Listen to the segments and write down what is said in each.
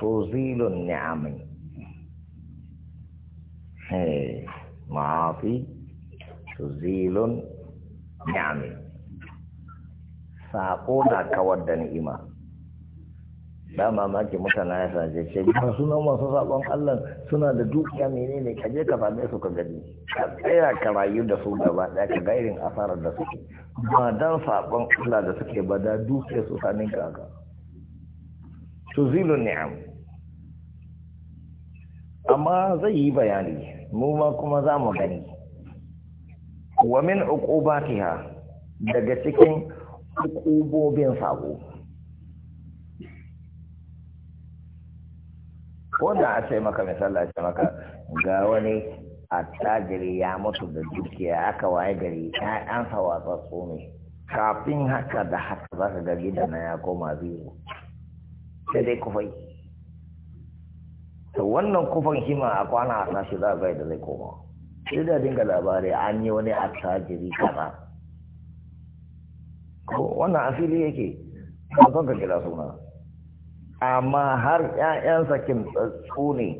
tozilun ni'amin ma'afi tozilun ni'amin saƙo na kawar da ni'ima ba mamaki mutane ya sace ce ba sunan masu sabon Allah suna da dukiya menene ka je ka su ka gani ka tsaya ka rayu da su gaba daya ka ga asarar da suke ba dan sabon Allah da suke ba da dukiya su sanin ka to zilu ni'am amma zai yi bayani mu ma kuma za mu gani wa min uqubatiha daga cikin uqubobin sabo ko da a sai maka misali a ce maka ga wani attajiri ya mutu da dukiya aka waye gari ƴaƴansa watsatsu ne kafin haka da haka za ka da na ya koma biyu, sai dai kufai to wannan kufan shi ma a kwana a sashi za a bai da zai koma sai da dinga labarai an yi wani attajiri kaza wannan asiri yake k'a son ka suna amma har ƴaƴansa kin tsatsu ne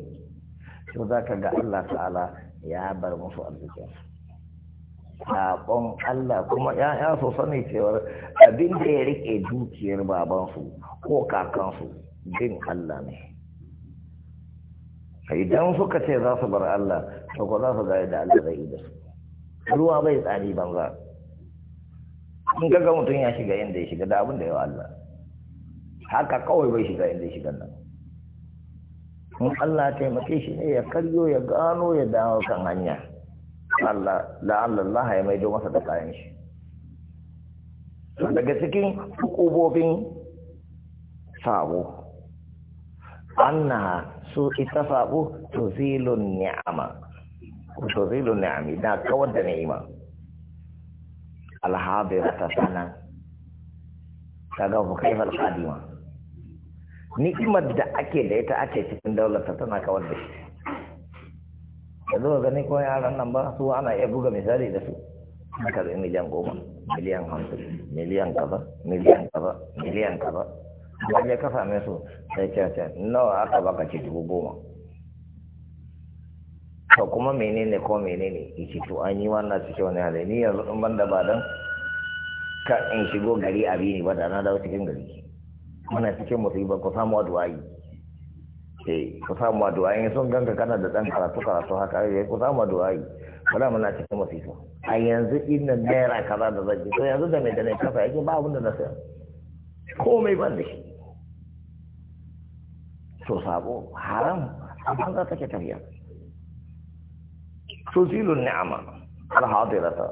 to za ka ga Allah ta'ala ya bar musu arzikin saƙon Allah kuma ƴaƴa su sani cewar abin da ya riƙe dukiyar babansu ko kakansu bin Allah ne idan suka ce za su bar Allah to ko za su ga da Allah zai yi da su ruwa bai tsari banza in ga mutum ya shiga inda ya shiga da abin da ya Allah haka kawai bai shiga inda shiga nan in Allah taimake shi ne ya karyo ya gano ya dawo kan hanya Allah Allah ya maido masa da kayan shi daga cikin kubobin sabo anna su ita sabo to zilun ni'ama zilun ni'ami na kawar da ni'ima alhabirata sanan kaga hukaifa alqadima ni'imar da ake da ita ake cikin daular ta tana kawar da shi yanzu ba gani ko yaran nan ba su ana iya buga misali da su na karbi miliyan goma miliyan hamsin miliyan kaza miliyan kaza miliyan kaza wajen ka same su sai ce ce nawa aka baka ce dubu goma to kuma menene ko menene yace to an yi wannan su ce wani hali ni yanzu in da ba don ka in shigo gari abi ne ba da na dawo cikin gari muna cikin musibar ku samu addu'ai eh ku samu addu'ai in sun ganka kana da dan karatu karatu haka eh ku samu addu'ai wala muna cikin musiba a yanzu inna naira kaza da zaki to yanzu da mai da mai kafa yake ba abun da na sayar komai ban da shi to sabo haram amma za ta ke tafiya zilun ni'ama al-hadirata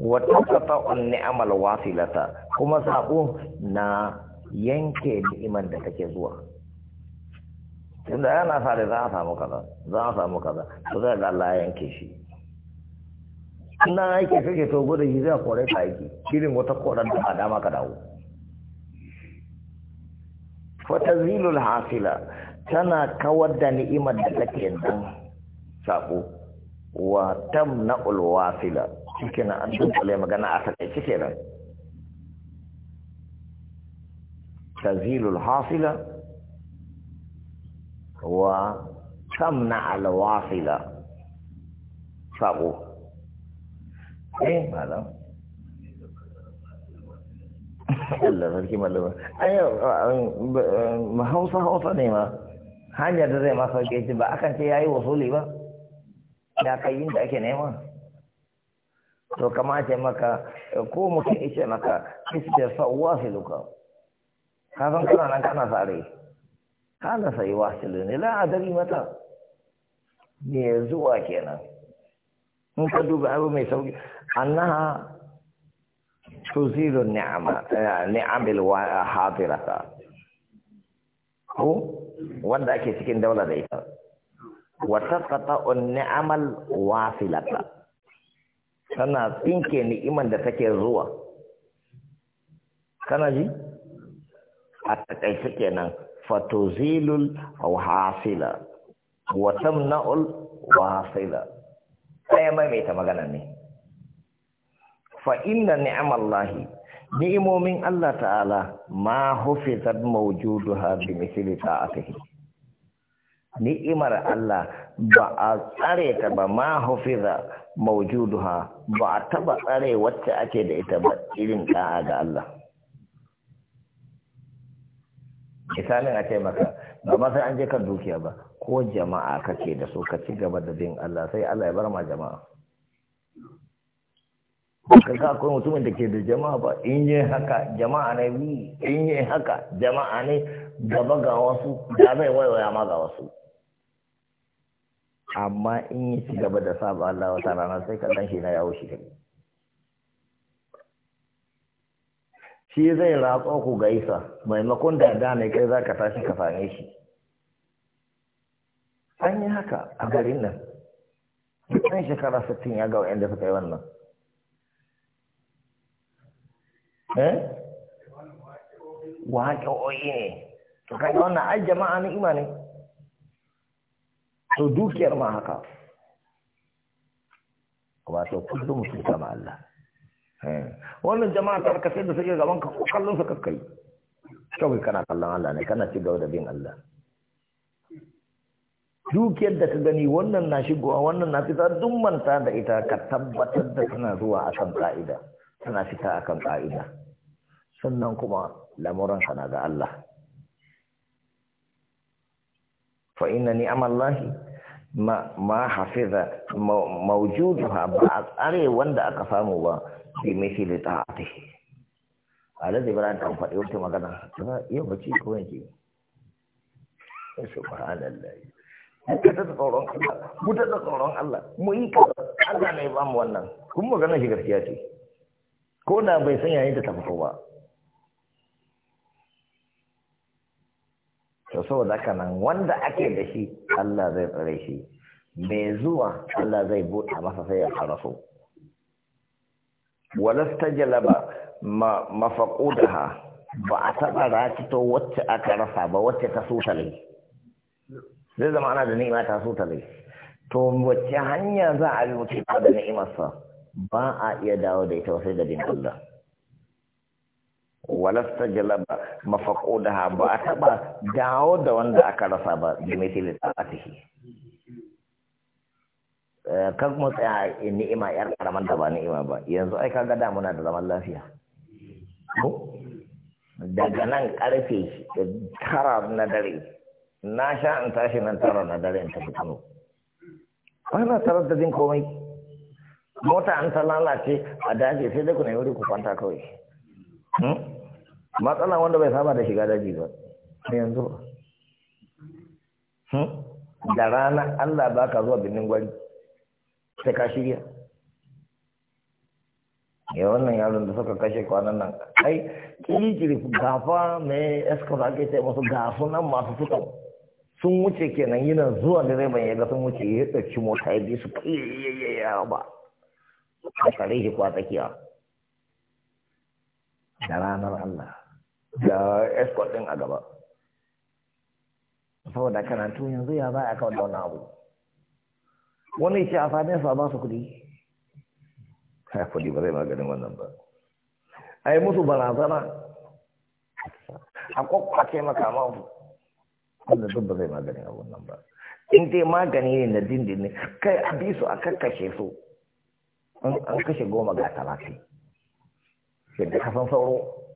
wata kafa unni amal wasilata kuma sako na yanke ni'imar da take zuwa tunda yana fara za a samu kaza za a samu kaza to zai da Allah yanke shi ina aiki kake to gode shi zai kore ka aiki shirin wata koran da dama ka dawo fatazilul hasila tana kawar da ni'imar da take nan sako wa tamna'ul wasila shi kenan an dunkule magana a takaice kenan wa الحاصلة al wasila sabu eh ماذا Allah sarki malama ayo ma hausa hausa ne ma hanya da zai ma sauke shi ba akan ce yayi wasuli ba da kai yin da ake nema to kamace maka ko mutum ishe maka istirfa wasiluka ka san kana nan kana sare kana sai wasilu ne la adari mata ne zuwa kenan in ka duba abu mai sauki annaha tuzilu ni'ama ni'amil hadirata ko wanda ake cikin daula da ita wa taqta'u ni'amal wasilata tana tsinke ni'iman da take zuwa kana ji a takaice kenan fatuzilul wasila wa tamna'ul wasila sai mai mai ta magana ne fa inna ni'amallahi ni'imomin Allah ta'ala ma hufizat mawjuduha bi misli ta'atihi ni'imar Allah ba a tsare ta ba ma hufiza maujuduha ba a taba tsare wacce ake da ita ba irin da'a ga Allah misalin a ce maka ba ma sai an je kan dukiya ba ko jama'a kake da su ka ci gaba da bin Allah sai Allah ya bar ma jama'a ka ga akwai mutumin da ke da jama'a ba in yi haka jama'a ne bi in yi haka jama'a ne gaba ga wasu da zai waiwaya ma ga wasu amma in yi ci gaba da saba Allah wata rana sai ka dan shi na yawo shi kai shi zai ratso ku ga Isa, maimakon da da ne kai za ka tashi ka fane shi an yi haka a garin nan ɗan shekara sittin ya ga wa'anda suka yi wannan eh waƙoƙi ne to kaga wannan ai jama'a na imani to dukiyar ma haka wato kullum mutum sama Allah eh. wannan jama'a tarkace da suke gaban ka kallon sa kakkai kawai kana kallon Allah ne kana ci gaba da bin Allah dukiyar da ka gani wannan na shigowa wannan na fita duk manta da ita ka tabbatar da tana zuwa a kan ka'ida tana fita a kan ƙa’ida sannan kuma lamuranka na ga Allah fa inna ni'amallahi ma ma hafiza ha ba a tsare wanda aka samu ba bi misali ta'atihi alladhi bara ta faɗi wata magana ta ah, iya bace ko yanke subhanallahi ka da tsoron Allah mu ta tsoron Allah mu yi ka Allah ne ba mu wannan kun magana shi gaskiya ce ko na bai san yayin da ta fito ba to saboda haka nan wanda ake da shi Allah zai tsare shi mai zuwa Allah zai bude masa sai ya haraso walasta jalaba mafaqudaha ba a taɓa to wacce aka rasa ba wacce ta sutale zai zama ana da ni'ima ta sutale to wacce hanya za a yi mutum da ni'imarsa ba a iya dawo da ita wasai da din Allah walasta jalaba mafako da ha ba a taba dawo da wanda aka rasa ba da a tsaratihi eh, kan kuma tsaya ni'ima yar karaman da ba ni'ima ba yanzu ai kaga da muna da zaman lafiya daga nan karfe tara na dare na sha in tashi nan tara na dare in tafi kano ana tarar da jin komai mota an ta lalace a daji sai dai ku nemi wuri ku kwanta kawai matsala wanda bai saba da shiga daji ba yanzu da rana Allah ba ka zuwa birnin gwari sai ka shirya ya wannan yaron da suka kashe kwanan nan ai kirikiri gafa mai eskola ake ce masu gafu nan masu fito sun wuce kenan yana zuwa direban ya ga sun wuce ya ɗauki mota ya bi su ba a tsare shi kwa tsakiya da ranar Allah da escort din a gaba saboda kana to yanzu ya za a kawo da wannan abu wani ce a fadin sa ba su kuɗi ya kuɗi ba zai maganin wannan ba a yi musu barazana a kwakwace maka mafi wanda duk ba zai maganin abun wannan ba in dai magani ne na dindini kai a bi a kakkashe su an kashe goma ga talatin yadda kasan sauro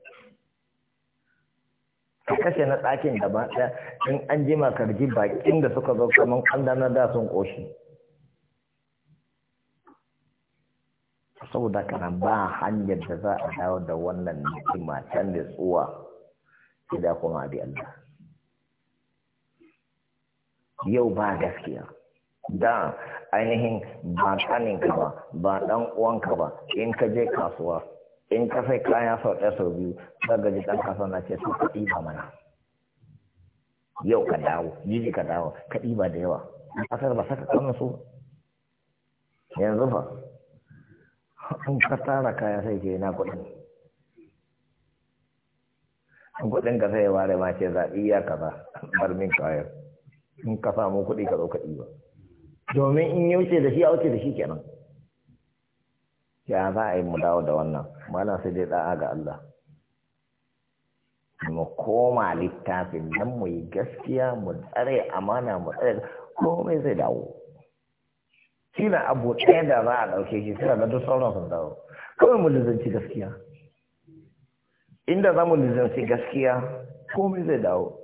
ka kashe na ɗakin gaba ɗaya in an jima ji bakin da suka zo kaman an dana da sun ƙoshi saboda kana ba hanyar da za a dawo da wannan ni'ima can da tsuwa da kuma abi Allah yau ba gaskiya da ainihin ba ɗaninka ba ba ɗan uwanka ba in ka je kasuwa in ka sai kaya sau ɗaya sau biyu za gaji ɗan kasuwa na ce sun ka ɗiba mana yau ka dawo jiji ka dawo ka ɗiba da yawa kasar ba saka kanin su yanzu ba, in ka tara kaya sai ke na kuɗin kuɗin ka sai ware ma ce zaɓi ya kaza bar min kayan in ka samu kuɗi ka zo ka ɗiba domin in ya wuce da shi a wuce da shi kenan ya za a yi mu dawo da wannan mana sai dai da'a ga Allah mu koma littafin nan mu yi gaskiya mu tsare amana mu tsare komai zai dawo shi na abu ɗaya da za a ɗauke shi suna da duk sauran sun dawo kawai mu lizanci gaskiya inda za mu lizanci gaskiya komai zai dawo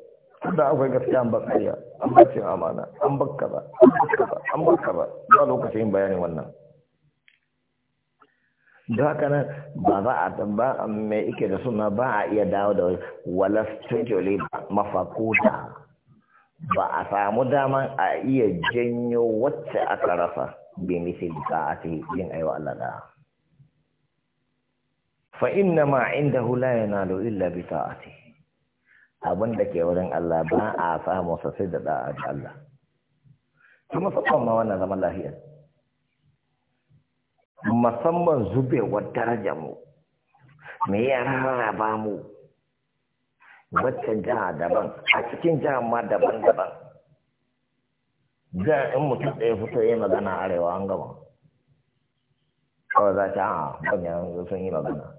tunda akwai gaskiya ba ƙarya an ba ce amana an bakka ba an bakka ba an bakka ba lokacin bayanin wannan da haka nan ba za a ba mai ike da suna ba a iya dawo da wala stajoli mafakuta ba a samu daman a iya janyo wacce aka rasa bi misali ka a ce yin aiwa Allah da fa inna ma indahu la yanalu illa bi ta'ati abin da ke wurin Allah ba a samu sai da da'a da Allah kuma musamman ma wannan zaman lafiya musamman zubewar daraja mu me ya ba mu waccan jiha daban a cikin jihar ma daban-daban da in mutum ɗaya fito yi magana arewa an gaba. kawai za ta a sun yi magana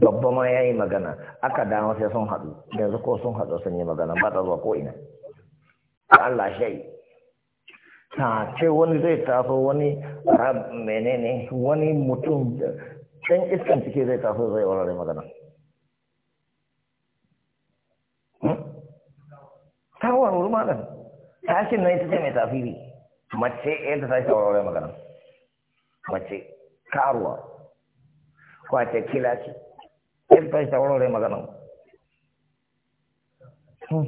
babba ma ya yi magana aka dama sai sun haɗu yanzu ko sun haɗu sun yi magana ba ta zuwa ko ina Allah shai ta ce wani zai taso wani rab menene wani mutum ɗan iskan cike zai taso zai warware magana hmm? ta warware ta tashin na ita ce mai tafiri mace yadda ta shi warware magana mace karuwa kwace kila ce sai ta shi warware maganan hmm.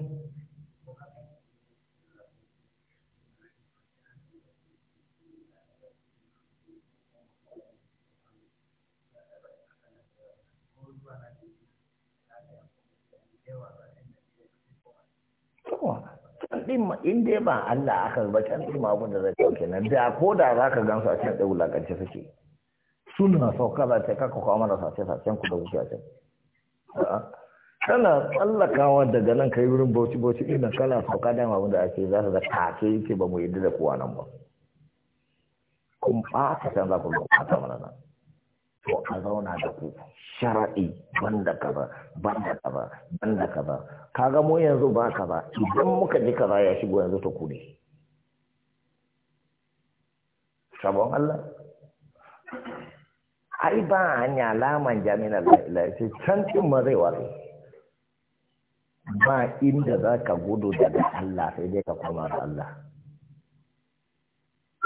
ɗima in dai ba Allah aka ba can ɗima abin da zai ɗauke nan da ko da za ka gansu a can ɗau lakance suke suna sauka za ta kaka kawo mana sace-sacen ku da wuce a can kana tsallakawa daga nan kai wurin bauchi-bauchi ina kana sauka da dama wanda ake za su da kake yake ba mu yi da kuwa nan ba kun ɓata can za ku ta mana to a zauna da ku sharaɗi banda kaza banda kaza banda kaza ga mu yanzu ba kaza idan muka ji kaza ya shigo yanzu ta kuɗi? sabon Allah ai ba hanya alaman jami'ar la'ilaha sai can cin ma zai ware ba inda za ka gudu daga Allah sai dai ka koma da Allah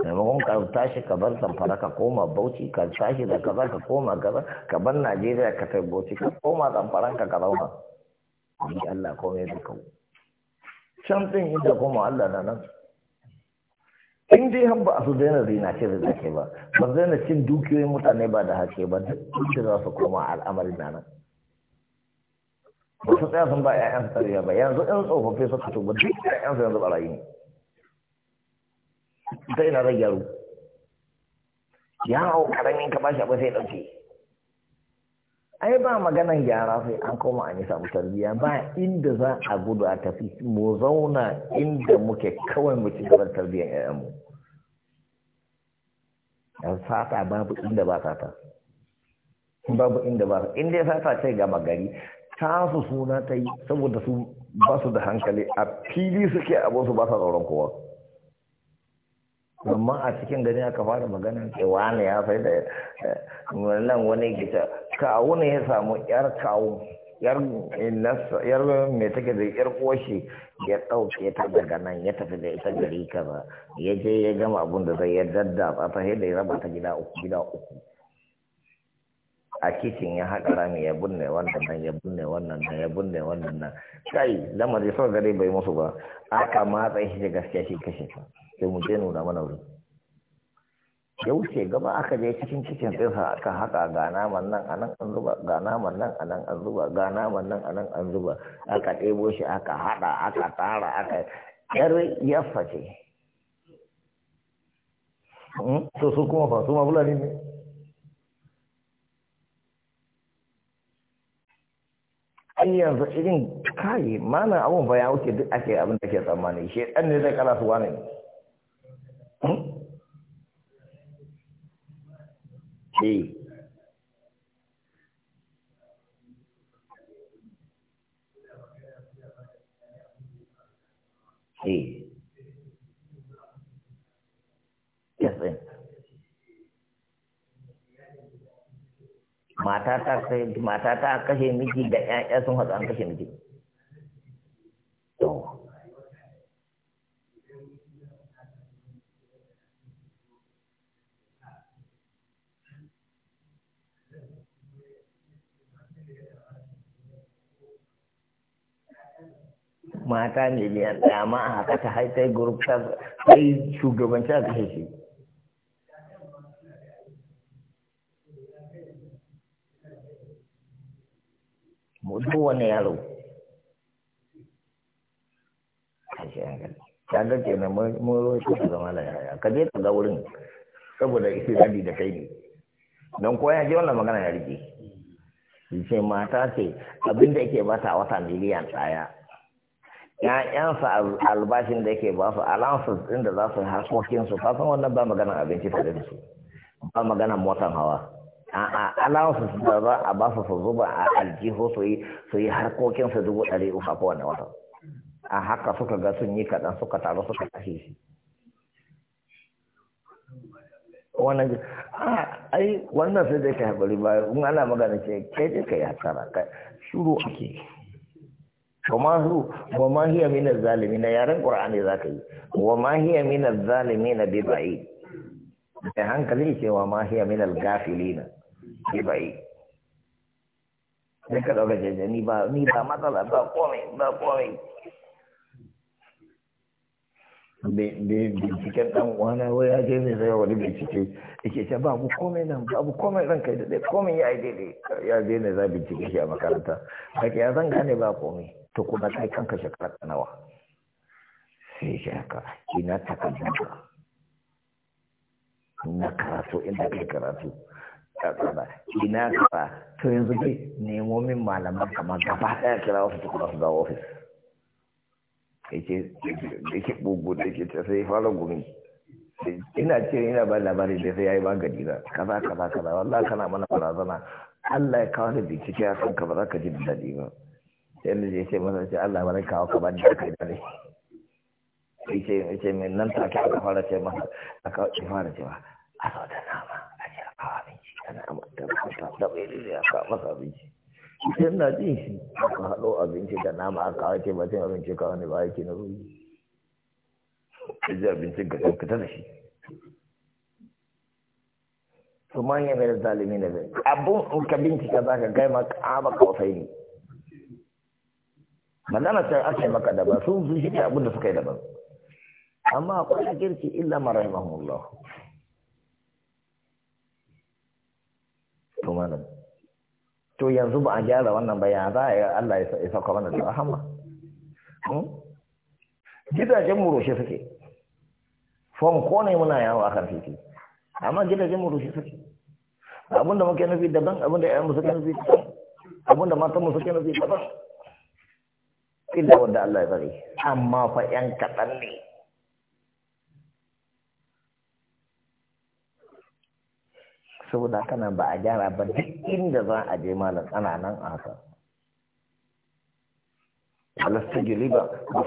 maimakon ka tashi ka bar samfara ka koma bauchi ka tashi da kaza ka koma gaba ka bar najeriya ka kai bauchi ka koma samfara ka ka zauna Allah komai da kawo can cin inda koma Allah na nan in dai har ba su daina ce da zake ba ba daina cin dukiyoyin mutane ba da hake ba duk da za su koma al'amari na nan ba su tsaya sun ba 'ya'yan su tarbiyya ba yanzu in tsofaffi suka tuba duk 'ya'yan su yanzu barayi ne ta ina zai ya hau karamin ka bashi abu sai ɗauke ai ba maganan gyara sai an koma an yi samu tarbiyya ba inda za a gudu a tafi mu zauna inda muke kawai mu ci gaba tarbiyyar ƴaƴanmu dan sata babu inda ba sata babu inda ba inda ya sata ce gama gari ta su suna ta yi saboda su ba su da hankali a fili suke abin su ba sa tsoron kowa amma a cikin gani aka fara magana ke wani ya fai da eh, nan wani gita kawo ne ya samu yar kawo yar mai take da yar koshi ya ɗauke ta daga nan ya tafi da ita gari kaza ya je ya gama abun da zai ya dadda ta sai da ya raba ta gida uku gida uku a kicin ya haɗa rami ya binne wannan nan ya binne wannan nan ya bunne wannan nan kai lamarin sau bai musu ba aka matsa shi da gaskiya shi kashe ta sai mu je nuna mana wuri ya wuce gaba aka je cikin cikin tsinsa aka haka ga naman nan a nan an zuba ga naman nan a nan an zuba ga naman nan a nan an zuba aka ɗebo shi aka haɗa aka tara aka yar ya ce so hmm? su kuma fasu ma fulani ne an yanzu irin kayi mana abun fa wuce duk ake abin da ke tsammani shi ɗan ne zai kara su wani ne Eh. mata ta mata ta kashe miji da ƴaƴa sun hatsa an kashe miji to mata ne ɗaya ma a haka ta haifai group sai shugabanci a kashe shi mutu wani yaro kashe gani. ta ga ke na muro shi ta zama da yaya ka je ta ga wurin saboda isi zabi da kai ne don koya je wannan magana ya rike ce mata ce abinda yake bata wata miliyan ɗaya ‘ya'yansa albashin da yake ba su alamsus ɗin da za su harkokinsu kasan wannan ba magana abinci da su ba magana motan hawa a da za a ba su zuba a aljiho su yi su yi harkokinsu dubu ɗari uku a kowane wata a haka suka ga sun yi kaɗan suka taru suka tashi shi wannan ka haƙuri ba in ana je ka yi hasara ka shuru kuma su wa ma hiya min az-zalimin yaran qur'ani zaka yi wa ma hiya min az-zalimin bi ba'i da hankali ce wa ma hiya min al-ghafilin bi ba'i ne ka daga jeje ni ba ni ba matsala ba komai ba komai binciken dan uwana wai ya je ne zai wani bincike yake ce babu komai nan ku komai ran kai daidai komai ya yi daidai ya je ne za bincike shi a makaranta haka ya zanga ne ba komai to kuma kai kanka shekara nawa sai shi haka ina takardunka na karatu inda kai karatu ina kafa to yanzu dai nemo min malaman kamar gaba daya kira wasu tukuna su dawo ofis yake yake bugu da yake ta sai fara gumi ina ce ina ba labari da sai yayi magani na kaza kaza kaza wallahi kana mana barazana Allah ya kawo da bincike a kanka ba za ka ji daɗi ba sai da ya ce masa Allah ba zai kawo ka ba da kai dare yake sai mai nan ta ka aka fara ce masa aka fara cewa a zo da nama a ce a kawo abinci kana amma da ka ta da bai da ya kawo masa abinci sai na jin shi aka haɗo abinci da nama aka ake ba cin abinci ka wani ba yake na ruhi ka abinci ga ka ɗaukata da shi su manya mai zalimi na zai abun in ka bincika za ka gai maka ama kawai ne magana ta ake maka daban sun sun shi abin da suka yi daban amma akwai a girki illa marahimahullah to malam to yanzu ba a gyara wannan bayan za a yi Allah ya sauka wannan da rahama hmm? gidajen murushe suke suke ko ne muna yawo a karfi titi amma gidajen murushe suke abinda muke nufi daban abinda ƴaƴan mu suke nufi daban abinda matan mu suke nufi daban inda wanda Allah ya bari amma fa ƴan kaɗan ne saboda kana ba a gyara ba duk inda za a je malam ana nan a haka alasta giliba ba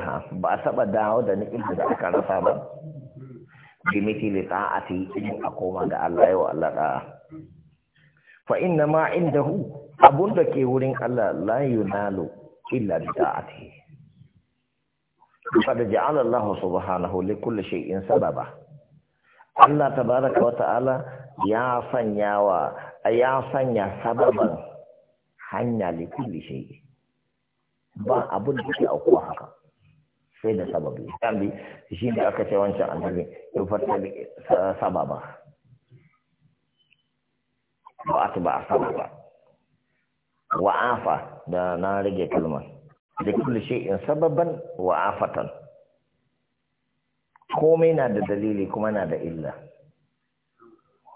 ha ba a taɓa dawo da inda da aka rasa ba ta a ta'ati in a koma ga Allah yau Allah da. fa inna ma indahu abun da ke wurin Allah la yunalu illa bi ta'ati da ja'ala Allah subhanahu li kulli shay'in sababa Allah tabaraka wa ta'ala ya sanya wa ya sanya sababan hanya likulli shay'in ba abun da ke aukuwa haka sai da sababi bi shi da aka ce wancan annabi ya farta sababa ba a ba sababa wa afa da na rage kalmar likulli shay'in sababan wa afatan komai na da dalili kuma na da illa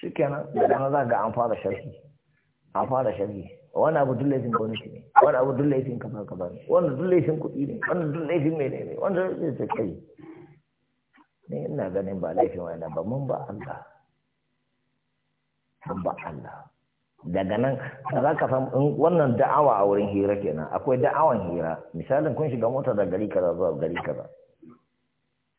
shi kenan da dama za ga an fara sharhi an fara sharhi wani abu duk laifin gwamnati ne wani abu duk laifin kafa kafa ne wani duk laifin kuɗi ne wani duk laifin mene ne wani duk laifin kai ne ina ganin ba laifin wani ba mun ba Allah mun ba Allah daga nan za ka san wannan da'awa a wurin hira kenan akwai da'awan hira misalin kun shiga mota da gari kaza zuwa gari kaza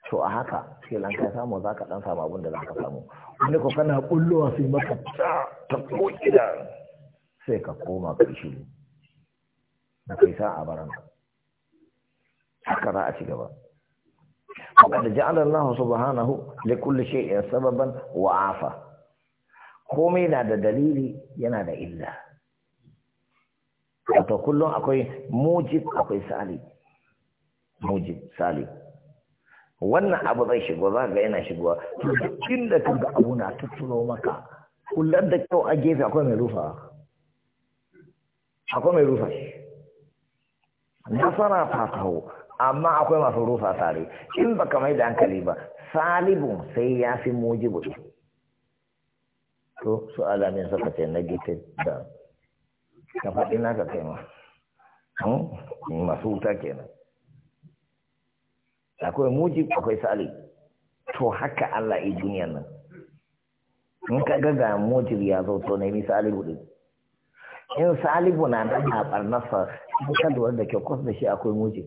to a haka sai lan ka samu za ka dan samu abin da za ka samu wani ko kana kullowa sai maka ta ta ko gida sai ka koma ka shi na kai sa a baranka haka za a ci gaba وقد جعل الله سبحانه لكل شيء سببا وعافا komai na da dalili yana da illa wato kullum akwai mujib akwai sali mujib sali wannan abu zai shigo za ga yana shigowa to cikin da ka ga abu na tutturo maka kullar da kyau a gefe akwai mai rufa akwai mai rufa shi nasara ta kawo amma akwai masu rufa tare in ba mai da hankali ba salibu sai ya fi mujibu to su alamin suka ce na gefe da ka faɗi naka kai ma hmm? masu wuta kenan akwai muji akwai sali to haka Allah yi duniyar nan in ka ga ga mujib ya zo to nemi salihu din in salihu na nan a barnasa in ka lura da kyau kwas da shi akwai mujib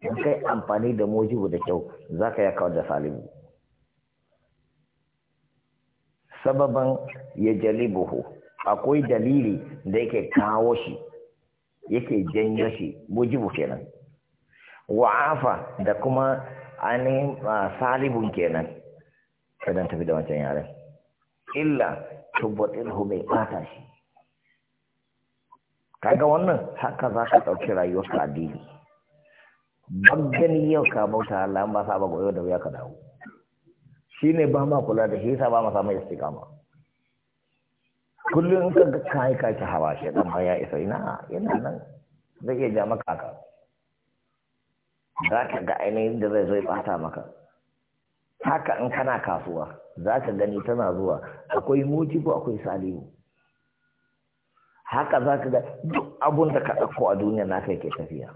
in kai amfani da mujibu da kyau za ka ya kawar da salihu sababan ya jalibuhu akwai dalili da yake kawo shi yake janyo shi mujibu kenan wa'afa da kuma ainihin salibun kenan sai tafi da wancan yaren illa tubbatilhu hume bata shi kaga wannan haka za ka ɗauki rayuwarka a dini gani yau ka bauta Allah ba sa ba goyo da wuya ka dawo shi ne ba ma kula da shi yasa ba ma mai istiqama kullum ka ga kai ta hawa shi dan ba ya isa ina yana nan zai iya ja maka za ka ga ainihin da zai zai bata maka haka in kana kasuwa za ka gani tana zuwa akwai ko akwai salimu haka za ka ga duk abun da ka ɗauko a duniya na kai ke tafiya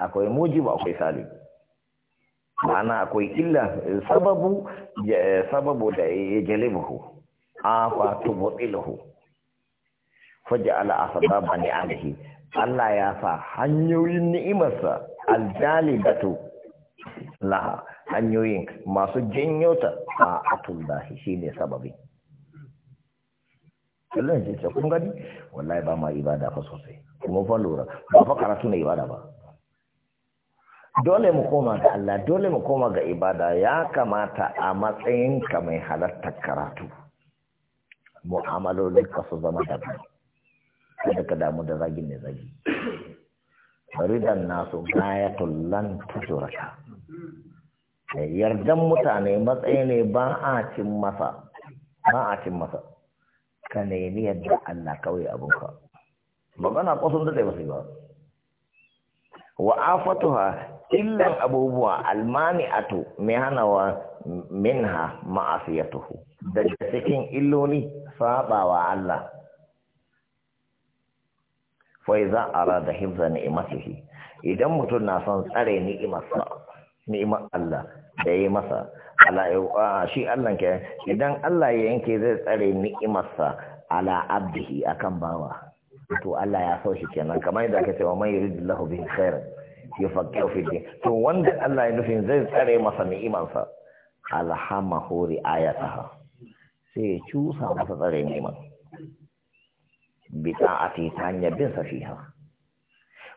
akwai mujibu akwai sali. ma'ana akwai illa eh, sababu eh, sababu da ya jalibuhu fa tubutilahu faja ala asbaba ni'amihi Allah ya sa hanyoyin ni'imarsa aljalibatu laha hanyoyin masu janyo ta a atullahi shi ne sababi Allah ya ce kun gani wallahi ba ma ibada fa sosai kuma fa lura ba fa karatu na ibada ba dole mu koma ga Allah dole mu koma ga ibada ya kamata a matsayin ka mai halartar karatu mu'amalolin ka su zama daban kada ka damu da zagin ne zagi ridan nasu gayatun lan tusuraka yardan mutane matsayi ne ba a cin masa ba a cin masa ka nemi yadda Allah kawai abinka magana kwasun da ba sai ba wa afatuha illan abubuwa almani'atu mai hanawa minha ma'asiyatuhu Da cikin illoli sabawa Allah fai za da rada hifza ni'imatihi idan mutum na son tsare ni'imarsa ni'imar Allah da ya yi masa shi Allah ke idan Allah ya yanke zai tsare ni'imarsa ala abdihi akan bawa to Allah ya so kenan kamar yadda aka ce wa man yuridillahu bihi khairan yufaqqihu fi din to wanda Allah ya nufin zai tsare masa ni'imarsa alhamahu ri'ayataha sai ya cusa masa tsare ni'imar bita'ati ta hanyar bin safiha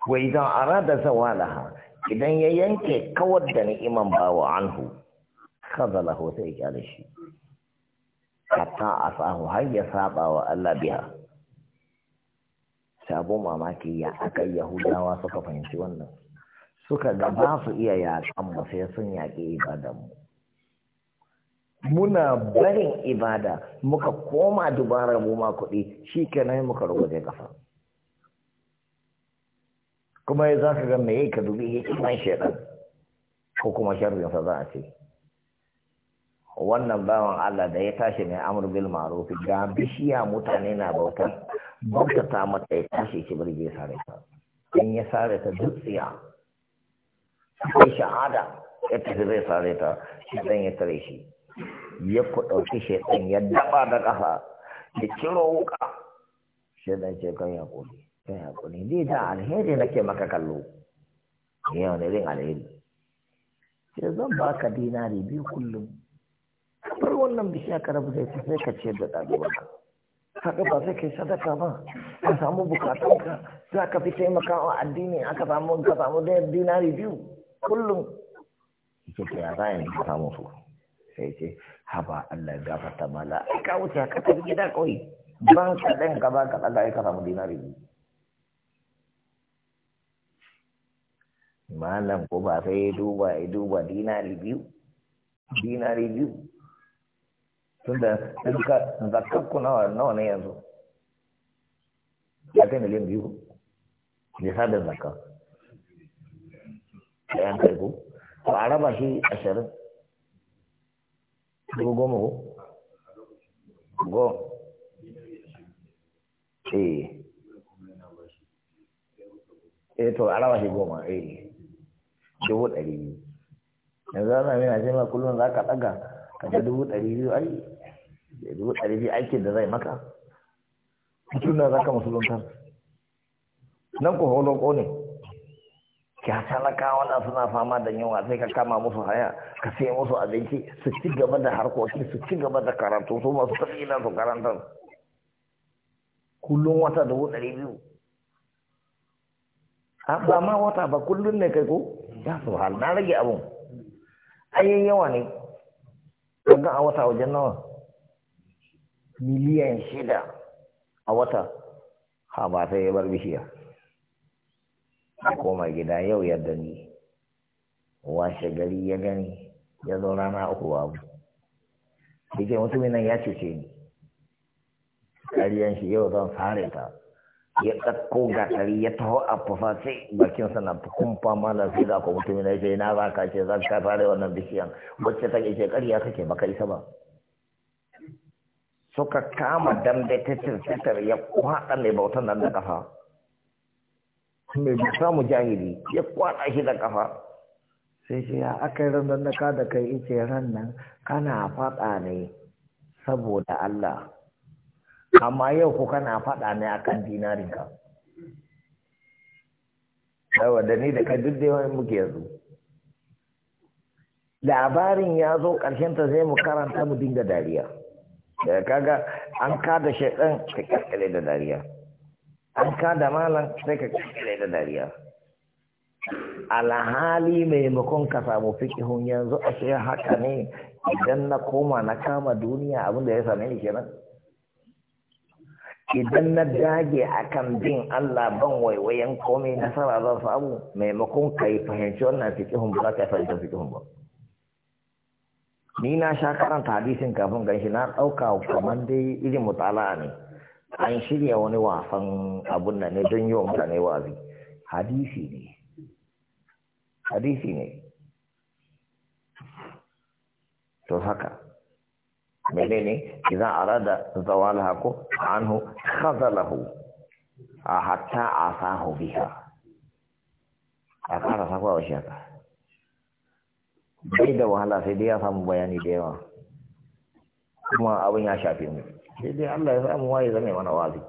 wa idan arada zawalaha idan ya yanke kawar da ni'iman bawa anhu lahu sai ya shi hatta asahu har ya saba wa Allah biha sabon mamaki ya aka yahudawa suka fahimci wannan suka ga ba su iya yaƙan mu sai sun yaƙi ibadan mu muna barin ibada muka koma dubara mu ma kuɗi shi kenan muka da kafa kuma ya za ka ga meye ka dubi man shaɗan ko kuma sharrinsa za a ce wannan bawan Allah da ya tashi mai amur bil ma'ruf ga bishiya mutane na bautar bauta ta mata ya tashi shi birge sare ta in ya sare ta tsiya sai shahada ya tafi zai sare ta shi zan ya tare shi ya ku ɗauki shaidan ya daba da ƙasa ya ciro wuka shaidan ce kan ya kuli kan ya kuli ni da alheri nake maka kallo ni yau ne rin alheri sai zan baka dinari biyu kullum kamar wannan bishiya ka rabu zai sai ka ce da ka Haka ba sai kai sadaka ba ka samu bukatunka za ka fi taimakawa addini aka samu ka samu dinari biyu kullum yake ya za a yanzu ka samu su sai ce haba Allah ya gafarta mala ai ka wuce ka tafi gida kawai ban ka dan ka ba ka Allah ya ka samu dinari malam ko ba sai ya duba ya duba dinari biyu dinari biyu tunda duka zakakku nawa nawa ne yanzu ya kai miliyan biyu lissafin zakka da yan karko ba a raba shi ashirin dubu goma ko goma eh eh to a raba shi goma eh dubu ɗari biyu yanzu ana mina ce ma kullum za ka ɗaga ka ga dubu ɗari biyu ai dubu ɗari biyu aikin da zai maka mutum na za ka musulunta nan ko holon ko ne ya talaka wannan suna fama da yunwa sai ka kama musu haya ka sai musu abinci su ci gaba da harkoki su ci gaba da karatu su masu tafi na su karanta kullum wata dubu ɗari biyu ba ma wata ba kullum ne kai ko ya su hal na rage abun ayyan yawa ne kaga a wata wajen nawa miliyan shida a wata ha ba sai ya bar bishiya A koma gida yau ya gani washe gari ya gani ya zo rana uku babu yake mutumin nan ya cece ni kariyan shi yau zan fare ta ya ɗauko gatari ya taho a fufa sai bakin sana kumfa malar sai da ku mutumin nan ce na za ka ce zan ka fare wannan bishiyan wacce ta ce ƙarya kake baka isa ba suka kama dambe ta cirkitar ya kwaɗa mai bautan nan da kafa. mai bisa jahili, ya kwada shi da kafa sai shi ya aka yi ran da ka da kai ice ran nan kana faɗa ne saboda Allah amma yau ku kana faɗa ne akan dinarin ka yawa da ni da kai duk da yawan muke yanzu labarin ya zo ƙarshen ta zai mu karanta mu dinga dariya daga kaga an kada shaidan ka kaskare da dariya an ka da malam sai ka kakire da dariya alhali maimakon ka samu fikihun yanzu a sai haka ne idan na koma na kama duniya abin da ya same ni kenan idan na dage akan bin Allah ban waiwayen komai nasara zan samu maimakon ka yi fahimci wannan fikihun ba za ka fahimci fikihun ba ni na sha karanta hadisin kafin ganshi na ɗauka kamar dai irin mutala'a ne an shirya wani wasan abun nan ne don yi wa mutane wazi hadisi ne hadisi ne to haka ne idan arada zawal hako anhu khazalahu a hatta asahu biha a kara sakwa wa shaka bai da wahala sai dai ya samu bayani da yawa kuma abin ya shafi mu sai dai Allah ya samu waye zama mana wali